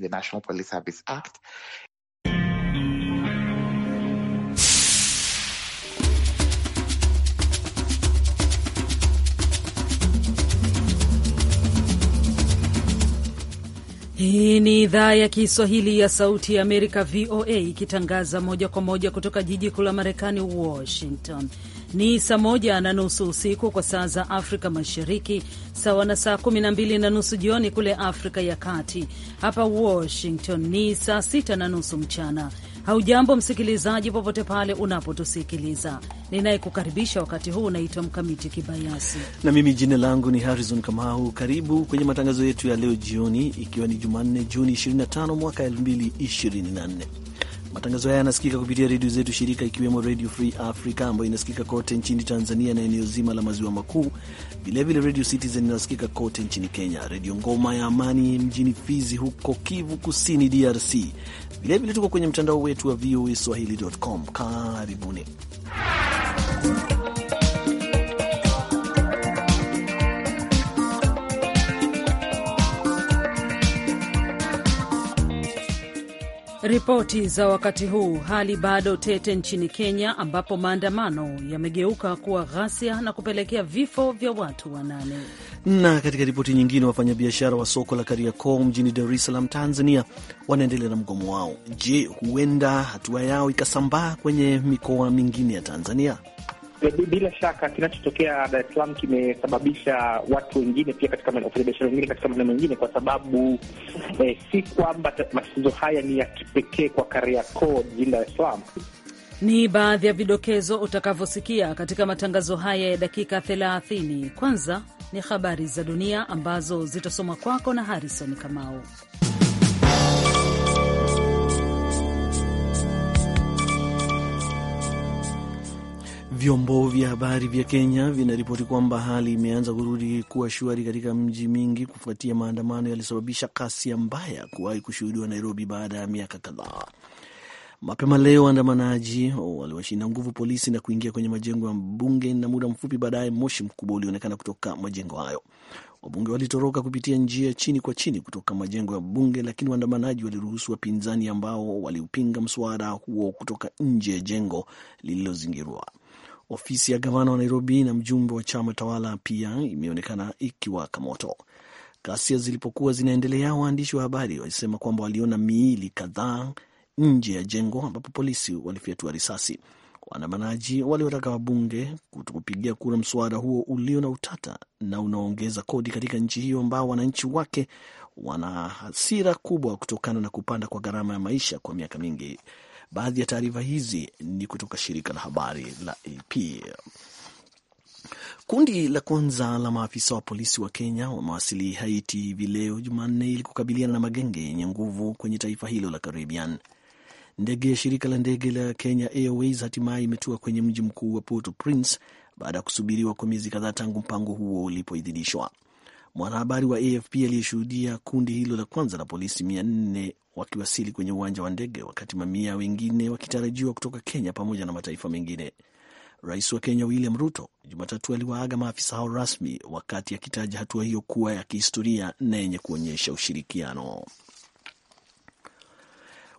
the National Police Service Act. Hii ni idhaa ya Kiswahili ya Sauti ya Amerika, VOA, ikitangaza moja kwa moja kutoka jiji kuu la Marekani, Washington. Ni saa moja na nusu usiku kwa saa za Afrika Mashariki, sawa na saa kumi na mbili na nusu jioni kule Afrika ya Kati. Hapa Washington ni saa sita na nusu mchana. Haujambo msikilizaji, popote pale unapotusikiliza. Ninayekukaribisha wakati huu unaitwa Mkamiti Kibayasi na mimi jina langu ni Harrison Kamau. Karibu kwenye matangazo yetu ya leo jioni, ikiwa ni Jumanne Juni 25 mwaka 2024. Matangazo haya yanasikika kupitia redio zetu shirika, ikiwemo Redio Free Africa ambayo inasikika kote nchini Tanzania na eneo zima la maziwa makuu, vilevile Redio Citizen inasikika kote nchini Kenya, Redio Ngoma ya Amani mjini Fizi huko Kivu Kusini, DRC. Vilevile tuko kwenye mtandao wetu wa VOA Swahili.com. Karibuni. Ripoti za wakati huu, hali bado tete nchini Kenya, ambapo maandamano yamegeuka kuwa ghasia na kupelekea vifo vya watu wanane. Na katika ripoti nyingine, wafanyabiashara wa soko la Kariakoo mjini Dar es Salaam, Tanzania, wanaendelea na mgomo wao. Je, huenda hatua yao ikasambaa kwenye mikoa mingine ya Tanzania? bila shaka kinachotokea Dar es Salaam kimesababisha watu wengine pia katika wafanyabiashara wengine katika maeneo mengine, kwa sababu eh, si kwamba matatizo haya ni ya kipekee kwa Kariakoo jijini Dar es Salaam. Ni baadhi ya vidokezo utakavyosikia katika matangazo haya ya dakika 30. Kwanza ni habari za dunia ambazo zitasoma kwako na Harrison Kamau. Vyombo vya habari vya Kenya vinaripoti kwamba hali imeanza kurudi kuwa shwari katika mji mingi kufuatia maandamano yalisababisha kasi ya mbaya kuwahi kushuhudiwa Nairobi baada ya miaka kadhaa. Mapema leo waandamanaji waliwashinda nguvu polisi na kuingia kwenye majengo ya bunge, na muda mfupi baadaye moshi mkubwa ulionekana kutoka majengo hayo. Wabunge walitoroka kupitia njia chini kwa chini kutoka majengo ya bunge, lakini waandamanaji waliruhusu wapinzani ambao waliupinga mswada huo kutoka nje ya jengo lililozingirwa. Ofisi ya gavana wa Nairobi na mjumbe wa chama tawala pia imeonekana ikiwaka moto. Ghasia zilipokuwa zinaendelea, waandishi wa habari walisema kwamba waliona miili kadhaa nje ya jengo ambapo polisi walifyatua risasi. Waandamanaji waliotaka wabunge kupigia kura mswada huo ulio na utata na unaoongeza kodi katika nchi hiyo, ambao wananchi wake wana hasira kubwa kutokana na kupanda kwa gharama ya maisha kwa miaka mingi. Baadhi ya taarifa hizi ni kutoka shirika la habari la AP. Kundi la kwanza la maafisa wa polisi wa Kenya wamewasili Haiti hivi leo Jumanne ili kukabiliana na magenge yenye nguvu kwenye taifa hilo la Caribbean. Ndege ya shirika la ndege la Kenya Airways hatimaye imetua kwenye mji mkuu wa Port-au-Prince baada ya kusubiriwa kwa miezi kadhaa tangu mpango huo ulipoidhinishwa. Mwanahabari wa AFP aliyeshuhudia kundi hilo la kwanza la polisi mia nne wakiwasili kwenye uwanja wa ndege, wakati mamia wengine wakitarajiwa kutoka Kenya pamoja na mataifa mengine. Rais wa Kenya William Ruto Jumatatu aliwaaga maafisa hao rasmi, wakati akitaja hatua hiyo kuwa ya kihistoria na yenye kuonyesha ushirikiano.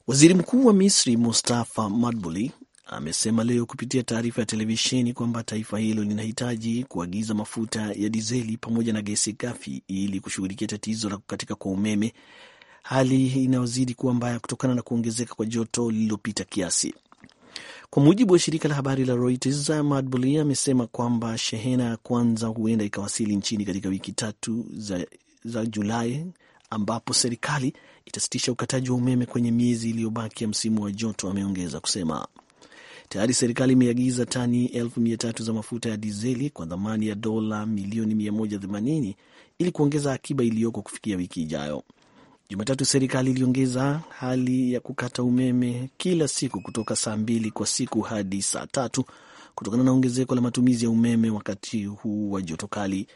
Waziri Mkuu wa Misri Mustafa Madbuli amesema leo kupitia taarifa ya televisheni kwamba taifa hilo linahitaji kuagiza mafuta ya dizeli pamoja na gesi ghafi ili kushughulikia tatizo la kukatika kwa umeme hali inayozidi kuwa mbaya kutokana na kuongezeka kwa joto lililopita kiasi. Kwa mujibu wa shirika la habari la Reuters, Madbuli amesema kwamba shehena ya kwanza huenda ikawasili nchini katika wiki tatu za, za Julai, ambapo serikali itasitisha ukataji wa umeme kwenye miezi iliyobaki ya msimu wa joto. Ameongeza kusema tayari serikali imeagiza tani elfu mia tatu za mafuta ya dizeli kwa thamani ya dola milioni 180 ili kuongeza akiba iliyoko kufikia wiki ijayo. Jumatatu serikali iliongeza hali ya kukata umeme kila siku kutoka saa mbili kwa siku hadi saa tatu kutokana na ongezeko la matumizi ya umeme wakati huu wa joto kali.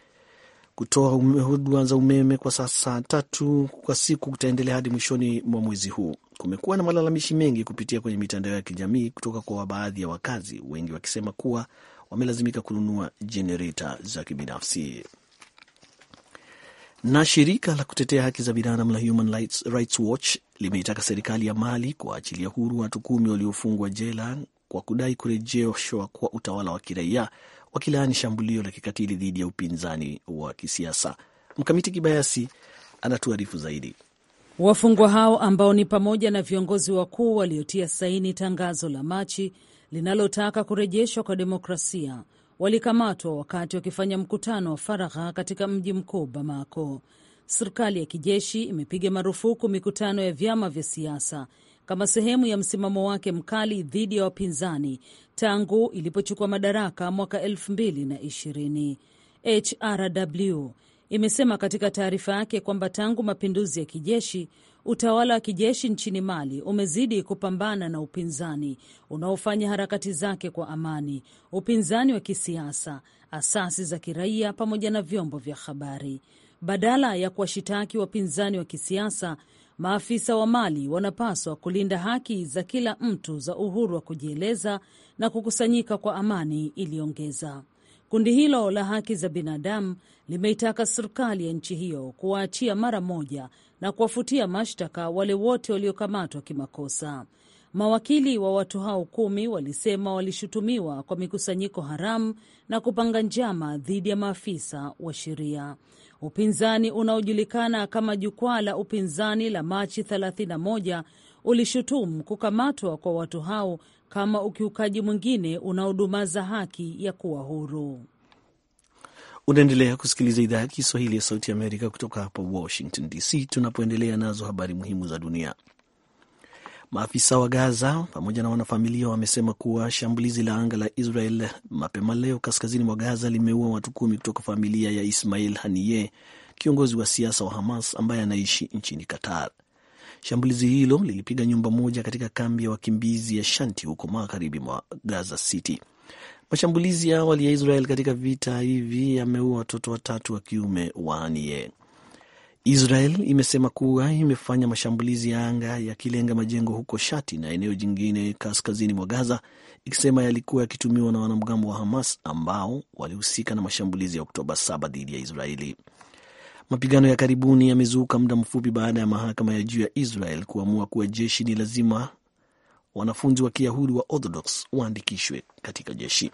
Kutoa huduma za umeme kwa saa saa tatu kwa siku kutaendelea hadi mwishoni mwa mwezi huu. Kumekuwa na malalamishi mengi kupitia kwenye mitandao ya kijamii kutoka kwa baadhi ya wakazi, wengi wakisema kuwa wamelazimika kununua jenereta za kibinafsi. Na shirika la kutetea haki za binadamu la Human Rights, Rights Watch limeitaka serikali ya Mali kuachilia huru watu kumi waliofungwa jela kwa kudai kurejeshwa kwa utawala wa kiraia, wakilaani shambulio la kikatili dhidi ya upinzani wa kisiasa. Mkamiti Kibayasi anatuarifu zaidi. Wafungwa hao ambao ni pamoja na viongozi wakuu waliotia saini tangazo la Machi linalotaka kurejeshwa kwa demokrasia walikamatwa wakati wakifanya mkutano wa faragha katika mji mkuu Bamako. Serikali ya kijeshi imepiga marufuku mikutano ya vyama vya siasa kama sehemu ya msimamo wake mkali dhidi ya wapinzani tangu ilipochukua madaraka mwaka 2020 HRW imesema katika taarifa yake kwamba tangu mapinduzi ya kijeshi Utawala wa kijeshi nchini Mali umezidi kupambana na upinzani unaofanya harakati zake kwa amani, upinzani wa kisiasa, asasi za kiraia pamoja na vyombo vya habari. Badala ya kuwashitaki wapinzani wa kisiasa, maafisa wa Mali wanapaswa kulinda haki za kila mtu za uhuru wa kujieleza na kukusanyika kwa amani, iliongeza. Kundi hilo la haki za binadamu limeitaka serikali ya nchi hiyo kuwaachia mara moja na kuwafutia mashtaka wale wote waliokamatwa kimakosa. Mawakili wa watu hao kumi walisema walishutumiwa kwa mikusanyiko haramu na kupanga njama dhidi ya maafisa wa sheria. Upinzani unaojulikana kama Jukwaa la Upinzani la Machi 31 ulishutumu kukamatwa kwa watu hao kama ukiukaji mwingine unaodumaza haki ya kuwa huru. Unaendelea kusikiliza idhaa ya Kiswahili ya Sauti Amerika kutoka hapa Washington DC, tunapoendelea nazo habari muhimu za dunia. Maafisa wa Gaza pamoja na wanafamilia wamesema kuwa shambulizi la anga la Israel mapema leo kaskazini mwa Gaza limeua watu kumi kutoka familia ya Ismail Haniyeh, kiongozi wa siasa wa Hamas ambaye anaishi nchini Qatar. Shambulizi hilo lilipiga nyumba moja katika kambi ya wakimbizi ya Shanti huko magharibi mwa Gaza City. Mashambulizi ya awali ya Israel katika vita hivi yameua watoto watatu wa kiume waanie. Israel imesema kuwa imefanya mashambulizi ya anga yakilenga majengo huko Shati na eneo jingine kaskazini mwa Gaza, ikisema yalikuwa yakitumiwa na wanamgambo wa Hamas ambao walihusika na mashambulizi ya Oktoba 7 dhidi ya Israeli. Mapigano ya karibuni yamezuka muda mfupi baada ya mahakama ya juu ya Israel kuamua kuwa jeshi ni lazima wanafunzi wa Kiyahudi wa Orthodox waandikishwe katika jeshi.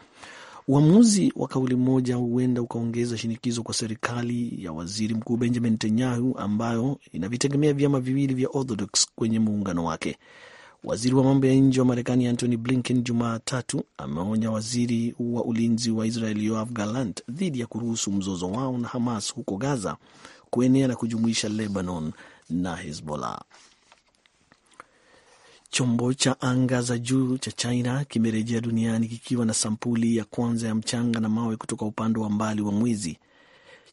Uamuzi wa kauli moja huenda ukaongeza shinikizo kwa serikali ya waziri mkuu Benjamin Netanyahu ambayo inavitegemea vyama viwili vya Orthodox kwenye muungano wake. Waziri wa mambo ya nje wa Marekani Antony Blinken Jumatatu ameonya waziri wa ulinzi wa Israel Yoav Gallant dhidi ya kuruhusu mzozo wao na Hamas huko Gaza kuenea na kujumuisha Lebanon na Hezbollah. Chombo cha anga za juu cha China kimerejea duniani kikiwa na sampuli ya kwanza ya mchanga na mawe kutoka upande wa mbali wa mwezi.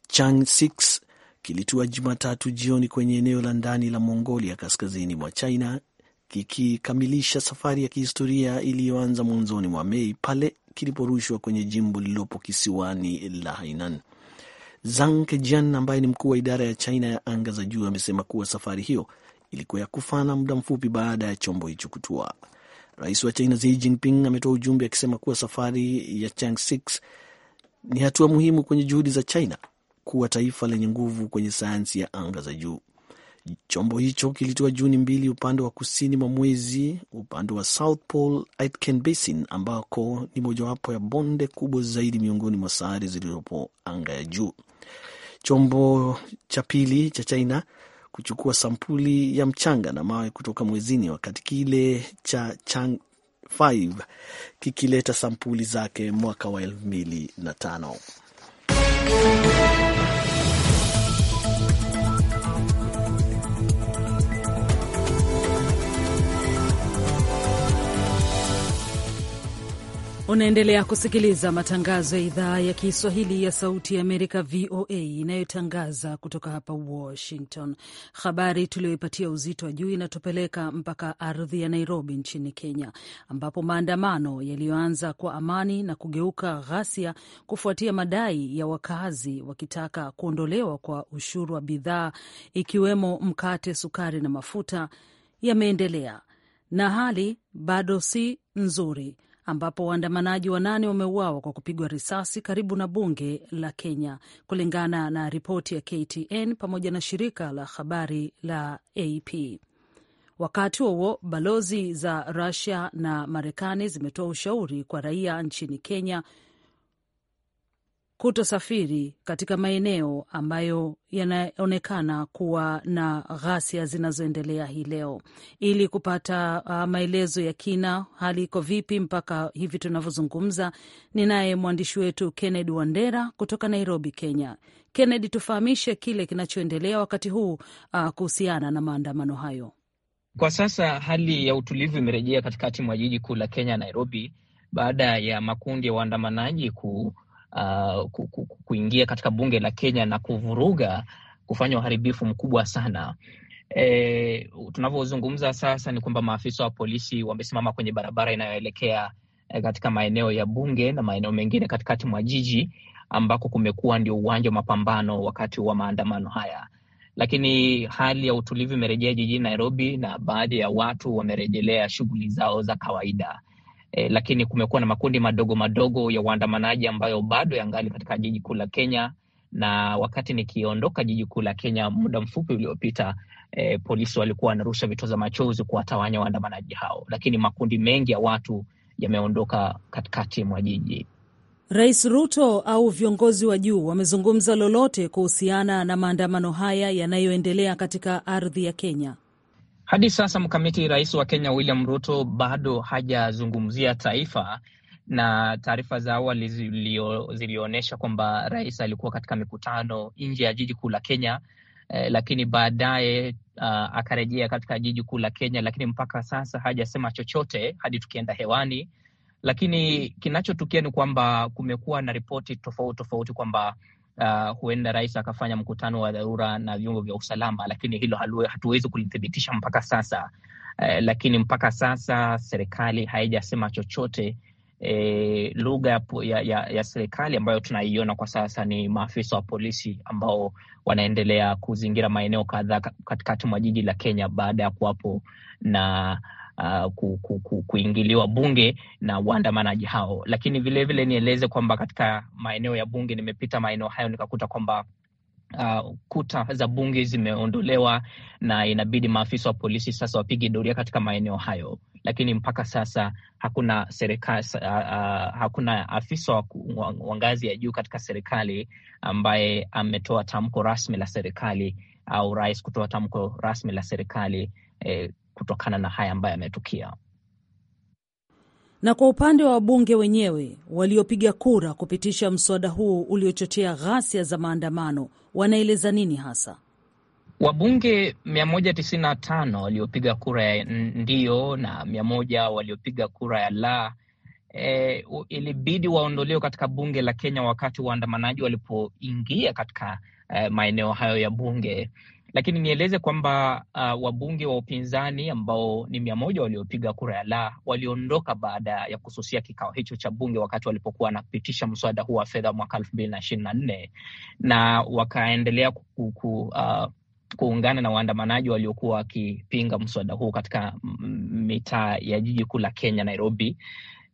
Chang 6 kilitua Jumatatu jioni kwenye eneo la ndani la Mongolia kaskazini mwa China kikikamilisha safari ya kihistoria iliyoanza mwanzoni mwa Mei pale kiliporushwa kwenye jimbo lililopo kisiwani la Hainan. Zhang Kejian ambaye ni mkuu wa idara ya China ya anga za juu amesema kuwa safari hiyo ilikuwa ya kufana muda mfupi baada ya chombo hicho kutua. Rais wa China Xi Jinping ametoa ujumbe akisema kuwa safari ya Chang Chang'e ni hatua muhimu kwenye juhudi za China kuwa taifa lenye nguvu kwenye sayansi ya anga za juu. Chombo hicho kilitoa Juni mbili upande wa kusini mwa mwezi upande wa South Pole Aitken Basin, ambako ni mojawapo ya bonde kubwa zaidi miongoni mwa sayari zilizopo anga ya juu. Chombo cha pili cha China kuchukua sampuli ya mchanga na mawe kutoka mwezini, wakati kile cha Chang 5 kikileta sampuli zake mwaka wa 2005. Unaendelea kusikiliza matangazo ya idhaa ya Kiswahili ya Sauti ya Amerika, VOA, inayotangaza kutoka hapa Washington. Habari tuliyoipatia uzito wa juu inatupeleka mpaka ardhi ya Nairobi nchini Kenya, ambapo maandamano yaliyoanza kwa amani na kugeuka ghasia kufuatia madai ya wakazi wakitaka kuondolewa kwa ushuru wa bidhaa ikiwemo mkate, sukari na mafuta yameendelea na hali bado si nzuri ambapo waandamanaji wanane wameuawa kwa kupigwa risasi karibu na bunge la Kenya, kulingana na ripoti ya KTN pamoja na shirika la habari la AP. Wakati huo balozi za Rusia na Marekani zimetoa ushauri kwa raia nchini Kenya kutosafiri katika maeneo ambayo yanaonekana kuwa na ghasia zinazoendelea hii leo, ili kupata uh, maelezo ya kina, hali iko vipi mpaka hivi tunavyozungumza. Ninaye mwandishi wetu Kennedy Wandera kutoka Nairobi, Kenya. Kennedy, tufahamishe kile kinachoendelea wakati huu uh, kuhusiana na maandamano hayo. Kwa sasa hali ya utulivu imerejea katikati mwa jiji kuu la Kenya, Nairobi, baada ya makundi ya waandamanaji kuu uh, kuingia katika bunge la Kenya na kuvuruga, kufanya uharibifu mkubwa sana. E, tunavyozungumza sasa ni kwamba maafisa wa polisi wamesimama kwenye barabara inayoelekea e, katika maeneo ya bunge na maeneo mengine katikati mwa jiji ambako kumekuwa ndio uwanja wa mapambano wakati wa maandamano haya, lakini hali ya utulivu imerejea jijini Nairobi na baadhi ya watu wamerejelea shughuli zao za kawaida eh, lakini kumekuwa na makundi madogo madogo ya waandamanaji ambayo bado yangali katika jiji kuu la Kenya na wakati nikiondoka jiji kuu la Kenya muda mfupi uliopita, eh, polisi walikuwa wanarusha vitoza machozi kuwatawanya waandamanaji hao, lakini makundi mengi ya watu yameondoka katikati mwa jiji. Rais Ruto au viongozi wa juu wamezungumza lolote kuhusiana na maandamano haya yanayoendelea katika ardhi ya Kenya? Hadi sasa mkamiti, rais wa Kenya William Ruto bado hajazungumzia taifa, na taarifa za awali zilionyesha kwamba rais alikuwa katika mikutano nje ya jiji kuu la Kenya eh, lakini baadaye uh, akarejea katika jiji kuu la Kenya, lakini mpaka sasa hajasema chochote hadi tukienda hewani. Lakini kinachotukia ni kwamba kumekuwa na ripoti tofauti tofauti kwamba uh, huenda rais akafanya mkutano wa dharura na vyombo vya usalama, lakini hilo hatuwezi kulithibitisha mpaka sasa. Uh, lakini mpaka sasa serikali haijasema chochote. E, lugha ya, ya, ya serikali ambayo tunaiona kwa sasa ni maafisa wa polisi ambao wanaendelea kuzingira maeneo kadhaa katikati mwa jiji la Kenya baada ya kuwapo na uh, ku, ku, kuingiliwa bunge na waandamanaji hao. Lakini vilevile nieleze kwamba katika maeneo ya bunge, nimepita maeneo hayo nikakuta kwamba Uh, kuta za bunge zimeondolewa na inabidi maafisa wa polisi sasa wapige doria katika maeneo hayo, lakini mpaka sasa hakuna serikali, uh, uh, hakuna afisa wa ngazi ya juu katika serikali ambaye ametoa tamko rasmi la serikali au rais kutoa tamko rasmi la serikali eh, kutokana na haya ambayo yametukia. Na kwa upande wa wabunge wenyewe waliopiga kura kupitisha mswada huu uliochochea ghasia za maandamano wanaeleza nini hasa? Wabunge 195 waliopiga kura ya ndio na 100 waliopiga kura ya la E, ilibidi waondolewe katika bunge la Kenya wakati waandamanaji walipoingia katika e, maeneo hayo ya bunge lakini nieleze kwamba uh, wabunge wa upinzani ambao ni mia moja waliopiga kura ya la waliondoka baada ya kususia kikao hicho cha bunge wakati walipokuwa wanapitisha mswada huu wa fedha mwaka elfu mbili na ishirini na nne na wakaendelea ku, uh, kuungana na waandamanaji waliokuwa wakipinga mswada huu katika mitaa ya jiji kuu la Kenya, Nairobi.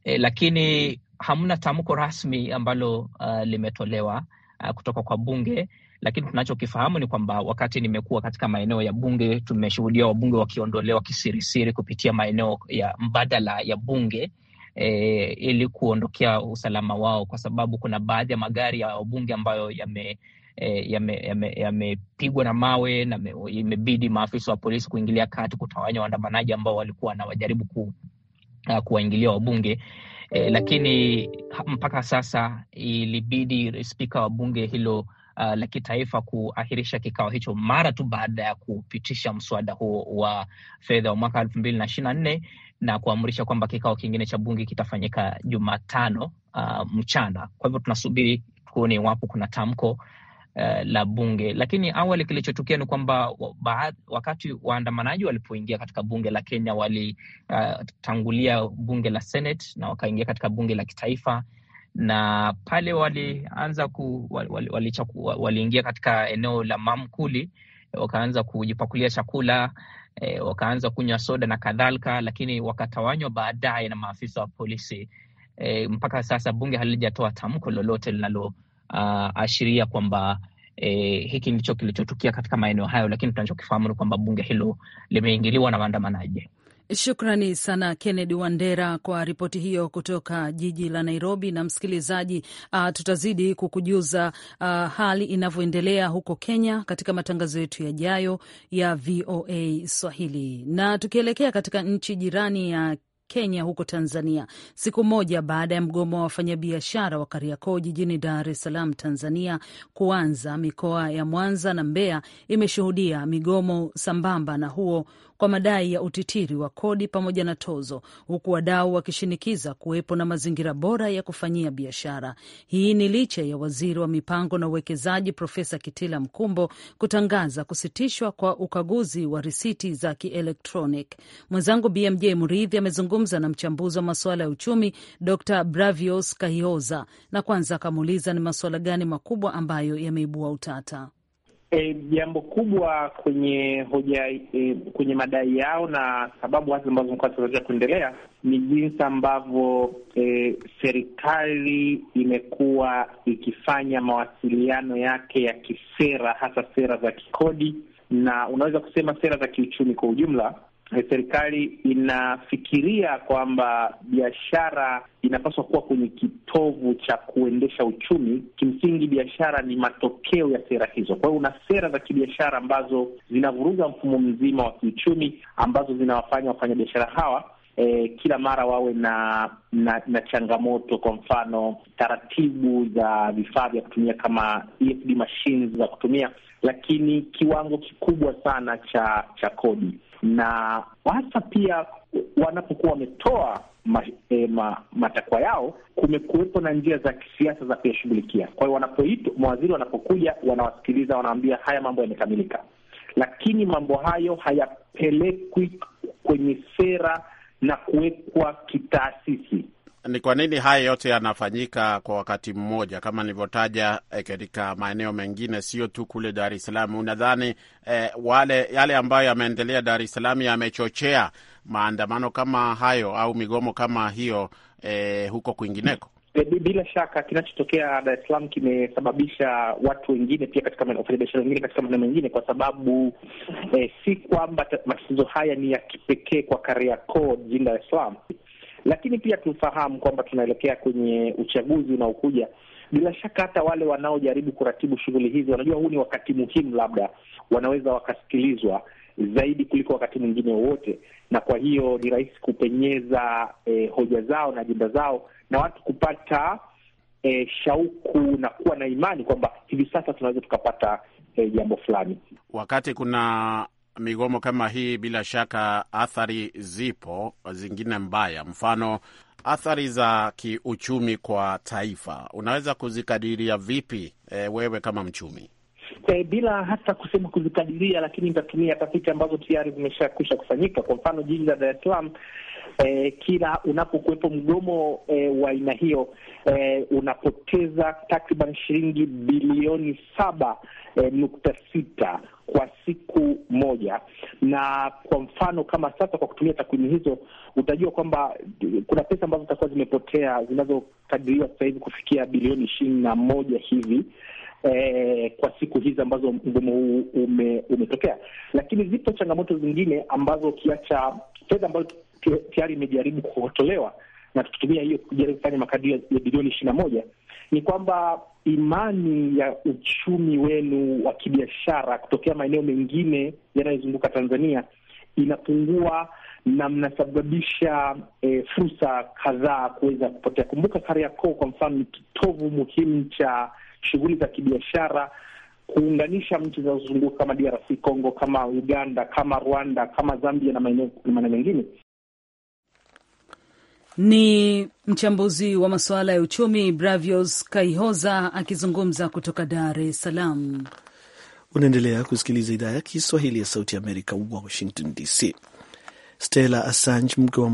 E, lakini hamna tamko rasmi ambalo uh, limetolewa uh, kutoka kwa bunge lakini tunachokifahamu ni kwamba wakati nimekuwa katika maeneo ya bunge, tumeshuhudia wabunge wakiondolewa kisirisiri kupitia maeneo ya mbadala ya bunge. E, ili kuondokea usalama wao, kwa sababu kuna baadhi ya magari ya wabunge ambayo yame e, eh, yamepigwa yame, yame na mawe na imebidi maafisa wa polisi kuingilia kati kutawanya waandamanaji ambao walikuwa wanawajaribu ku, uh, kuwaingilia wabunge e, lakini mpaka sasa ilibidi spika wa bunge hilo uh, la kitaifa kuahirisha kikao hicho mara tu baada ya kupitisha mswada huo wa fedha wa mwaka elfu mbili na ishirini na nne na kuamrisha kwamba kikao kingine cha bunge kitafanyika Jumatano uh, mchana. Kwa hivyo tunasubiri kuona iwapo kuna tamko Uh, la bunge. Lakini awali kilichotukia ni kwamba wakati waandamanaji walipoingia katika bunge la Kenya walitangulia uh, bunge la Senate na wakaingia katika bunge la kitaifa na pale walianza ku waliingia wali, wali katika eneo la mamkuli, wakaanza kujipakulia chakula e, wakaanza kunywa soda na kadhalika, lakini wakatawanywa baadaye na maafisa wa polisi e, mpaka sasa bunge halijatoa tamko lolote linaloashiria ah, kwamba e, hiki ndicho kilichotukia katika maeneo hayo, lakini tunachokifahamu ni kwamba bunge hilo limeingiliwa na waandamanaji. Shukrani sana Kennedy Wandera kwa ripoti hiyo kutoka jiji la Nairobi. Na msikilizaji, uh, tutazidi kukujuza uh, hali inavyoendelea huko Kenya katika matangazo yetu yajayo ya VOA Swahili. Na tukielekea katika nchi jirani ya Kenya huko Tanzania, siku moja baada ya mgomo wa wafanyabiashara wa Kariakoo jijini Dar es Salaam, Tanzania kuanza, mikoa ya Mwanza na Mbeya imeshuhudia migomo sambamba na huo kwa madai ya utitiri wa kodi pamoja na tozo, huku wadau wakishinikiza kuwepo na mazingira bora ya kufanyia biashara. Hii ni licha ya waziri wa mipango na uwekezaji Profesa Kitila Mkumbo kutangaza kusitishwa kwa ukaguzi wa risiti za kielektronic. Mwenzangu BMJ mridhi amezungumza na mchambuzi wa masuala ya uchumi Dr Bravios Kahioza na kwanza akamuuliza ni masuala gani makubwa ambayo yameibua utata. E, jambo e, kubwa kwenye hoja e, kwenye madai yao na sababu hasa ambazo mkoa zinaweza kuendelea ni jinsi ambavyo e, serikali imekuwa ikifanya mawasiliano yake ya kisera, hasa sera za kikodi na unaweza kusema sera za kiuchumi kwa ujumla serikali inafikiria kwamba biashara inapaswa kuwa kwenye kitovu cha kuendesha uchumi. Kimsingi, biashara ni matokeo ya sera hizo. Kwa hiyo una sera za kibiashara ambazo zinavuruga mfumo mzima wa kiuchumi, ambazo zinawafanya wafanyabiashara hawa E, kila mara wawe na, na na changamoto. Kwa mfano taratibu za vifaa vya kutumia kama EFD machines za kutumia, lakini kiwango kikubwa sana cha cha kodi na hasa pia wanapokuwa wametoa ma, e, ma, matakwa yao, kumekuwepo na njia za kisiasa za kuyashughulikia. Kwa hiyo wanapoitwa mawaziri, wanapokuja wanawasikiliza, wanawaambia haya mambo yamekamilika, lakini mambo hayo hayapelekwi kwenye sera na kuwekwa kitaasisi ni kwa nini haya yote yanafanyika kwa wakati mmoja kama nilivyotaja eh, katika maeneo mengine, sio tu kule Dar es Salaam? Unadhani eh, wale yale ambayo yameendelea Dar es Salaam yamechochea maandamano kama hayo au migomo kama hiyo eh, huko kwingineko? Eh, bila shaka kinachotokea Dar es Salaam kimesababisha watu wengine pia katika wafanyabiashara wengine katika maeneo mengine, kwa sababu eh, si kwamba matatizo haya ni ya kipekee kwa Kariakoo jijini Dar es Salaam lakini pia tufahamu kwamba tunaelekea kwenye uchaguzi unaokuja. Bila shaka hata wale wanaojaribu kuratibu shughuli hizi wanajua huu ni wakati muhimu, labda wanaweza wakasikilizwa zaidi kuliko wakati mwingine wowote, na kwa hiyo ni rahisi kupenyeza eh, hoja zao na ajenda zao na watu kupata eh, shauku na kuwa na imani kwamba hivi sasa tunaweza tukapata eh, jambo fulani, wakati kuna migomo kama hii, bila shaka athari zipo zingine mbaya, mfano athari za kiuchumi kwa taifa. Unaweza kuzikadiria vipi e, wewe kama mchumi? E, bila hata kusema kuzikadiria, lakini nitatumia tafiti ambazo tayari zimeshakwisha kufanyika. Kwa mfano jiji la Dar es Salaam, e, kila unapokuwepo mgomo e, wa aina hiyo e, unapoteza takriban shilingi bilioni saba e, nukta sita kwa siku moja, na kwa mfano kama sasa, kwa kutumia takwimu hizo utajua kwamba kuna pesa ambazo zitakuwa zimepotea zinazokadiriwa sasa hivi kufikia bilioni ishirini na moja hivi eh, kwa siku hizi ambazo mgomo huu ume, umetokea. Lakini zipo changamoto zingine ambazo ukiacha fedha ambazo tayari imejaribu kuotolewa na tukitumia hiyo kujaribu kufanya makadirio ya bilioni ishirini na moja ni kwamba imani ya uchumi wenu wa kibiashara kutokea maeneo mengine yanayozunguka Tanzania inapungua na mnasababisha e, fursa kadhaa kuweza kupotea. Kumbuka Kariakoo kwa mfano ni kitovu muhimu cha shughuli za kibiashara kuunganisha nchi zinazozunguka kama DRC Congo, kama Uganda, kama Rwanda, kama Zambia na maeneo mengine. Ni mchambuzi wa masuala ya uchumi Bravios Kaihoza akizungumza kutoka Dar es Salaam. Unaendelea kusikiliza idhaa ya Kiswahili ya Sauti ya Amerika, Washington DC. Stella Assange, mke wa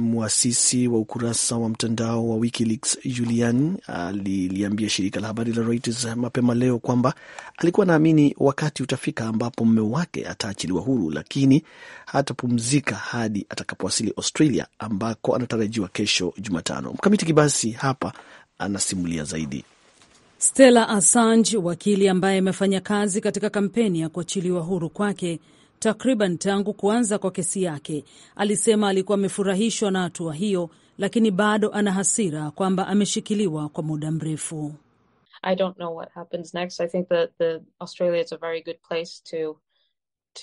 mwasisi wa ukurasa wa mtandao wa WikiLeaks Julian, aliliambia shirika la habari la Reuters mapema leo kwamba alikuwa naamini wakati utafika ambapo mume wake ataachiliwa huru, lakini hatapumzika hadi atakapowasili Australia ambako anatarajiwa kesho Jumatano. Mkamiti Kibasi hapa anasimulia zaidi. Stella Assange, wakili ambaye amefanya kazi katika kampeni ya kuachiliwa huru kwake, takriban tangu kuanza kwa kesi yake. Alisema alikuwa amefurahishwa na hatua hiyo, lakini bado ana hasira kwamba ameshikiliwa kwa muda mrefu. I don't know what happens next. I think that the Australia is a very good place to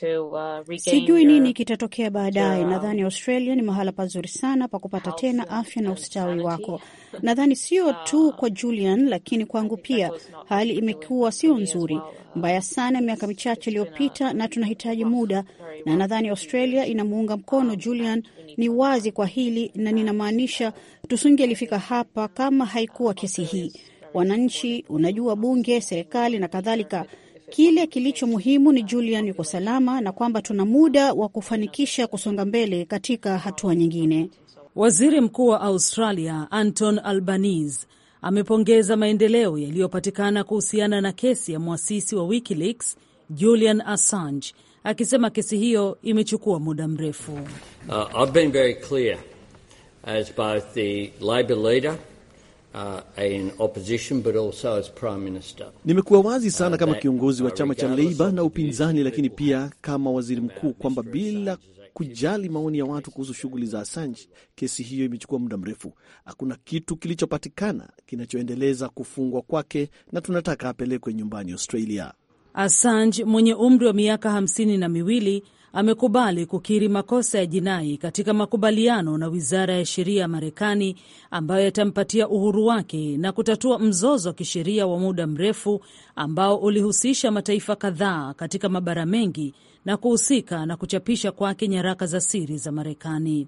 Uh, sijui nini your... kitatokea baadaye. Nadhani Australia ni mahala pazuri sana pa kupata tena afya na ustawi wako. Nadhani sio tu kwa ah, Julian, lakini kwangu pia hali imekuwa sio nzuri, uh, mbaya sana miaka michache iliyopita, na tunahitaji muda, na nadhani Australia inamuunga mkono um, Julian. Ni wazi kwa hili, na ninamaanisha tusingelifika hapa kama haikuwa kesi hii. Wananchi, unajua, bunge, serikali na kadhalika Kile kilicho muhimu ni Julian yuko salama na kwamba tuna muda wa kufanikisha kusonga mbele katika hatua nyingine. Waziri Mkuu wa Australia Anton Albanese amepongeza maendeleo yaliyopatikana kuhusiana na kesi ya mwasisi wa WikiLeaks Julian Assange, akisema kesi hiyo imechukua muda mrefu. Uh, Uh, Nimekuwa wazi uh, sana kama kiongozi wa chama cha Leiba na upinzani, lakini pia kama waziri mkuu kwamba bila kujali maoni ya watu kuhusu shughuli za Assange, kesi hiyo imechukua muda mrefu. Hakuna kitu kilichopatikana kinachoendeleza kufungwa kwake, na tunataka apelekwe nyumbani Australia. Assange mwenye umri wa miaka hamsini na miwili amekubali kukiri makosa ya jinai katika makubaliano na wizara ya sheria ya Marekani ambayo yatampatia uhuru wake na kutatua mzozo wa kisheria wa muda mrefu ambao ulihusisha mataifa kadhaa katika mabara mengi na kuhusika na kuchapisha kwake nyaraka za siri za Marekani.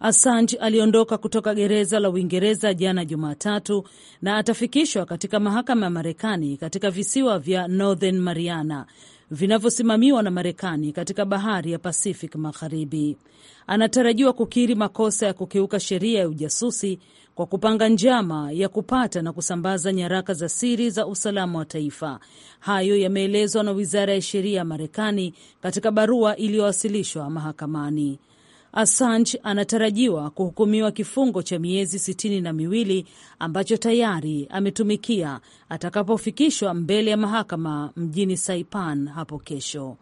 Assange aliondoka kutoka gereza la Uingereza jana Jumatatu na atafikishwa katika mahakama ya Marekani katika visiwa vya Northern Mariana vinavyosimamiwa na Marekani katika bahari ya Pacific Magharibi. Anatarajiwa kukiri makosa ya kukiuka sheria ya ujasusi kwa kupanga njama ya kupata na kusambaza nyaraka za siri za usalama wa taifa. Hayo yameelezwa na wizara ya sheria ya Marekani katika barua iliyowasilishwa mahakamani. Assange anatarajiwa kuhukumiwa kifungo cha miezi sitini na miwili ambacho tayari ametumikia atakapofikishwa mbele ya mahakama mjini Saipan hapo kesho.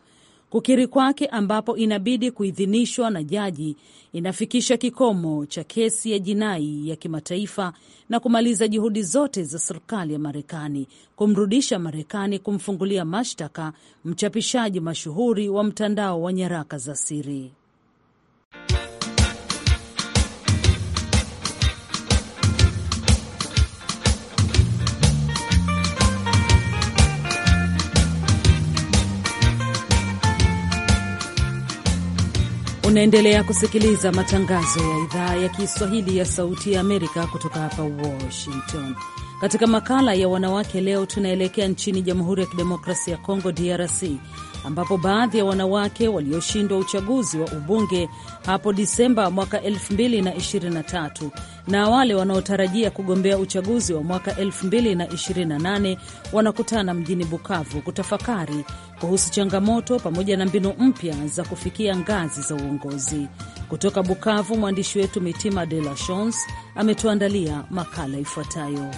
Kukiri kwake ambapo inabidi kuidhinishwa na jaji inafikisha kikomo cha kesi ya jinai ya kimataifa na kumaliza juhudi zote za serikali ya Marekani kumrudisha Marekani kumfungulia mashtaka mchapishaji mashuhuri wa mtandao wa nyaraka za siri. Unaendelea kusikiliza matangazo ya idhaa ya Kiswahili ya Sauti ya Amerika kutoka hapa Washington. Katika makala ya wanawake leo, tunaelekea nchini Jamhuri ya Kidemokrasia ya Kongo, DRC, ambapo baadhi ya wanawake walioshindwa uchaguzi wa ubunge hapo Disemba mwaka 2023 na wale wanaotarajia kugombea uchaguzi wa mwaka 2028 wanakutana mjini Bukavu kutafakari kuhusu changamoto pamoja na mbinu mpya za kufikia ngazi za uongozi. Kutoka Bukavu, mwandishi wetu Mitima De La Chance ametuandalia makala ifuatayo.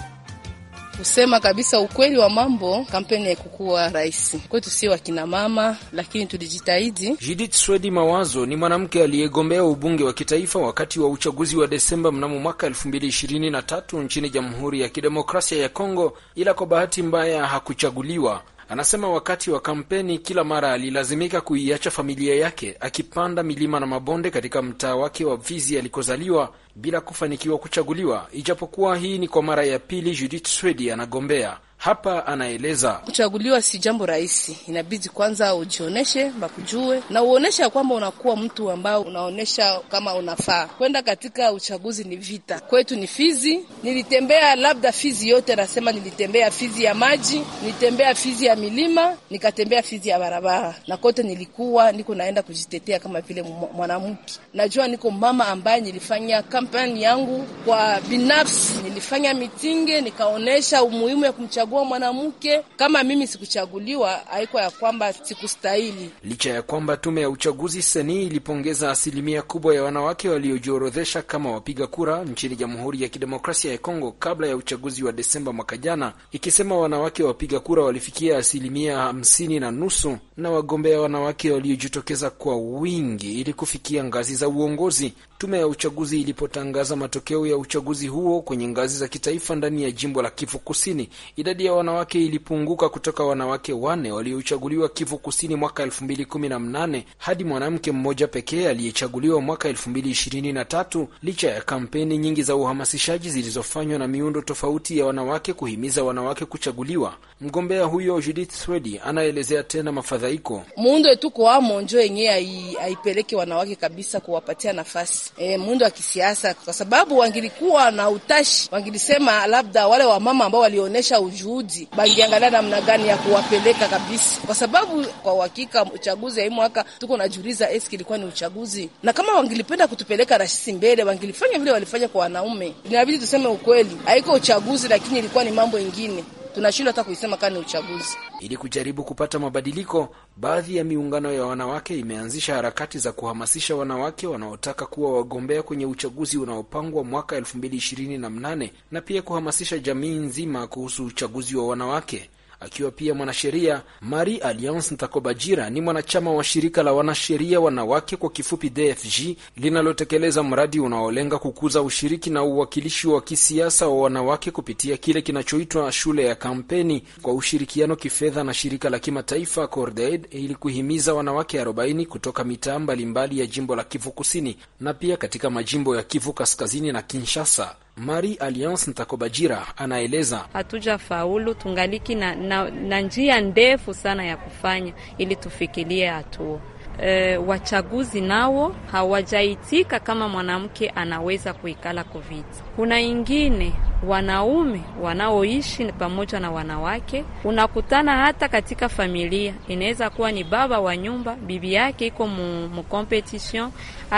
Kusema kabisa ukweli wa mambo, kampeni haikukuwa rahisi kwetu, sio wakinamama, lakini tulijitahidi. Judith Swedi Mawazo ni mwanamke aliyegombea ubunge wa kitaifa wakati wa uchaguzi wa Desemba mnamo mwaka elfu mbili ishirini na tatu nchini Jamhuri ya Kidemokrasia ya Kongo, ila kwa bahati mbaya hakuchaguliwa. Anasema wakati wa kampeni kila mara alilazimika kuiacha familia yake akipanda milima na mabonde katika mtaa wake wa Fizi alikozaliwa bila kufanikiwa kuchaguliwa, ijapokuwa hii ni kwa mara ya pili Judith Swedi anagombea. Hapa anaeleza kuchaguliwa si jambo rahisi, inabidi kwanza ujioneshe bakujue na uoneshe kwamba unakuwa mtu ambao unaonyesha kama unafaa kwenda katika uchaguzi. Ni vita kwetu, ni Fizi. Nilitembea labda Fizi yote, nasema nilitembea Fizi ya maji, nilitembea Fizi ya milima, nikatembea Fizi ya barabara, na kote nilikuwa niko naenda kujitetea kama vile mwanamke. Najua niko mama ambaye nilifanya kampani yangu kwa binafsi, nilifanya mitinge, nikaonesha umuhimu ya kumchagua kuchagua mwanamke kama mimi sikuchaguliwa, haiko ya kwamba sikustahili. Licha ya kwamba tume ya uchaguzi seni ilipongeza asilimia kubwa ya wanawake waliojiorodhesha kama wapiga kura nchini Jamhuri ya Kidemokrasia ya Kongo kabla ya uchaguzi wa Desemba mwaka jana, ikisema wanawake wapiga kura walifikia asilimia hamsini na nusu na wagombea wanawake waliojitokeza kwa wingi ili kufikia ngazi za uongozi. Tume ya uchaguzi ilipotangaza matokeo ya uchaguzi huo kwenye ngazi za kitaifa ndani ya jimbo la Kivu Kusini, idadi idadi ya wanawake ilipunguka kutoka wanawake wane waliochaguliwa Kivu Kusini mwaka 2018 hadi mwanamke mmoja pekee aliyechaguliwa mwaka 2023 licha ya kampeni nyingi za uhamasishaji zilizofanywa na miundo tofauti ya wanawake kuhimiza wanawake kuchaguliwa. Mgombea huyo Judith Swedi anaelezea tena mafadhaiko. muundo etuko amo njo yenyewe haipeleke wanawake kabisa kuwapatia nafasi e, muundo wa kisiasa, kwa sababu wangilikuwa na utashi wangilisema labda wale wamama ambao walionyesha uju juhudi bangiangalia namna gani ya kuwapeleka kabisa, kwa sababu kwa uhakika uchaguzi hii mwaka tuko najiuliza, eski eh, ilikuwa ni uchaguzi? Na kama wangilipenda kutupeleka rahisi mbele, wangilifanya vile walifanya kwa wanaume. Inabidi tuseme ukweli, haiko uchaguzi, lakini ilikuwa ni mambo ingine tunashindwa hata kuisema kama ni uchaguzi. Ili kujaribu kupata mabadiliko, baadhi ya miungano ya wanawake imeanzisha harakati za kuhamasisha wanawake wanaotaka kuwa wagombea kwenye uchaguzi unaopangwa mwaka elfu mbili ishirini na na pia kuhamasisha jamii nzima kuhusu uchaguzi wa wanawake akiwa pia mwanasheria. Marie Alliance Ntakobajira ni mwanachama wa shirika la wanasheria wanawake kwa kifupi DFG, linalotekeleza mradi unaolenga kukuza ushiriki na uwakilishi wa kisiasa wa wanawake kupitia kile kinachoitwa shule ya kampeni kwa ushirikiano kifedha na shirika la kimataifa CORDAID ili kuhimiza wanawake 40 kutoka mitaa mbalimbali ya jimbo la Kivu Kusini na pia katika majimbo ya Kivu Kaskazini na Kinshasa. Mari Alliance Ntakobajira anaeleza, hatuja faulu tungaliki na, na, na njia ndefu sana ya kufanya ili tufikilie hatua E, wachaguzi nao hawajaitika kama mwanamke anaweza kuikala kuviti. Kuna ingine wanaume wanaoishi pamoja na wanawake. Unakutana hata katika familia, inaweza kuwa ni baba wa nyumba, bibi yake iko mu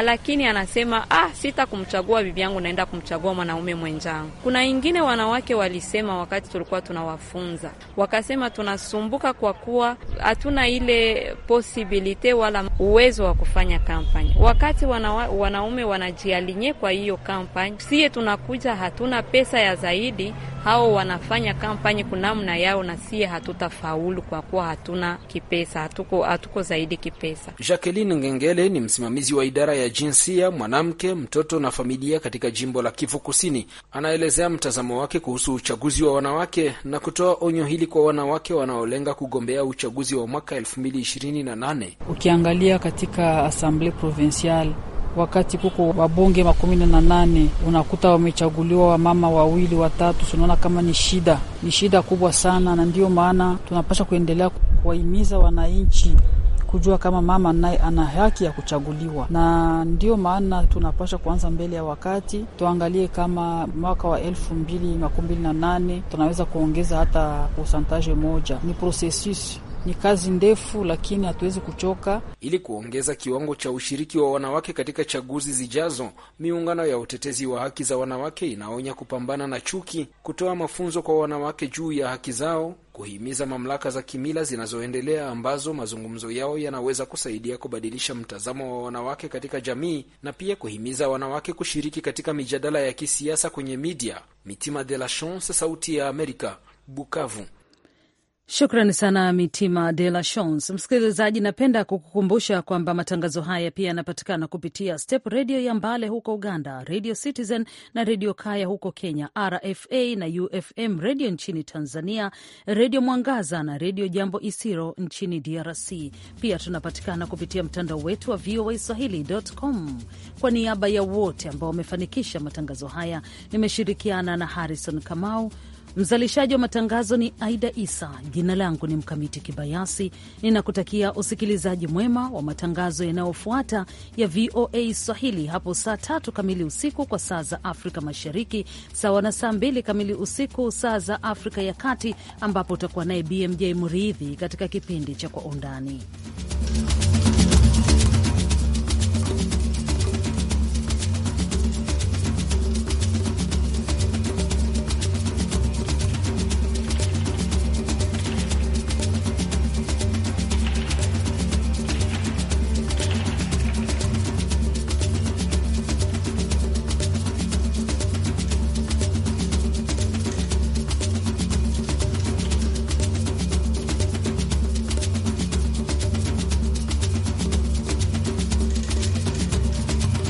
lakini anasema ah, sita kumchagua bibi yangu, naenda kumchagua mwanaume mwenzangu. Kuna ingine wanawake walisema wakati tulikuwa tunawafunza, wakasema tunasumbuka kwa kuwa hatuna ile posibilite wala uwezo wa kufanya kampani, wakati wana, wanaume wanajialinye kwa hiyo kampani, sie tunakuja hatuna pesa ya mbaya zaidi, hao wanafanya kampani kunamna yao, na sie hatutafaulu kwa kuwa hatuna kipesa, hatuko, hatuko zaidi kipesa. Jacqueline Ngengele ni msimamizi wa idara ya jinsia, mwanamke, mtoto na familia katika jimbo la Kivu Kusini. Anaelezea mtazamo wake kuhusu uchaguzi wa wanawake na kutoa onyo hili kwa wanawake wanaolenga kugombea uchaguzi wa mwaka 2028. Ukiangalia katika Assemblée Provinciale wakati kuko wabunge makumi na nane unakuta wamechaguliwa wamama wawili watatu, tunaona kama ni shida, ni shida kubwa sana, na ndiyo maana tunapasha kuendelea kuwahimiza wananchi kujua kama mama naye ana haki ya kuchaguliwa, na ndiyo maana tunapasha kuanza mbele ya wakati. Tuangalie kama mwaka wa elfu mbili makumi mbili na nane tunaweza kuongeza hata posantaje moja. Ni prosesus ni kazi ndefu, lakini hatuwezi kuchoka. Ili kuongeza kiwango cha ushiriki wa wanawake katika chaguzi zijazo, miungano ya utetezi wa haki za wanawake inaonya kupambana na chuki, kutoa mafunzo kwa wanawake juu ya haki zao, kuhimiza mamlaka za kimila zinazoendelea ambazo mazungumzo yao yanaweza kusaidia kubadilisha mtazamo wa wanawake katika jamii, na pia kuhimiza wanawake kushiriki katika mijadala ya kisiasa kwenye midia. Mitima de la Chance, Sauti ya Amerika, Bukavu. Shukrani sana Mitima de la Shons. Msikilizaji, napenda kukukumbusha kwamba matangazo haya pia yanapatikana kupitia Step redio ya Mbale huko Uganda, Radio Citizen na Redio Kaya huko Kenya, RFA na UFM redio nchini Tanzania, Redio Mwangaza na Redio Jambo Isiro nchini DRC. Pia tunapatikana kupitia mtandao wetu wa VOA Swahili.com. Kwa niaba ya wote ambao wamefanikisha matangazo haya, nimeshirikiana na Harrison Kamau. Mzalishaji wa matangazo ni Aida Isa. Jina langu ni Mkamiti Kibayasi, ninakutakia usikilizaji mwema wa matangazo yanayofuata ya VOA Swahili hapo saa tatu kamili usiku kwa saa za Afrika Mashariki, sawa na saa mbili kamili usiku saa za Afrika ya Kati, ambapo utakuwa naye BMJ Muridhi katika kipindi cha Kwa Undani.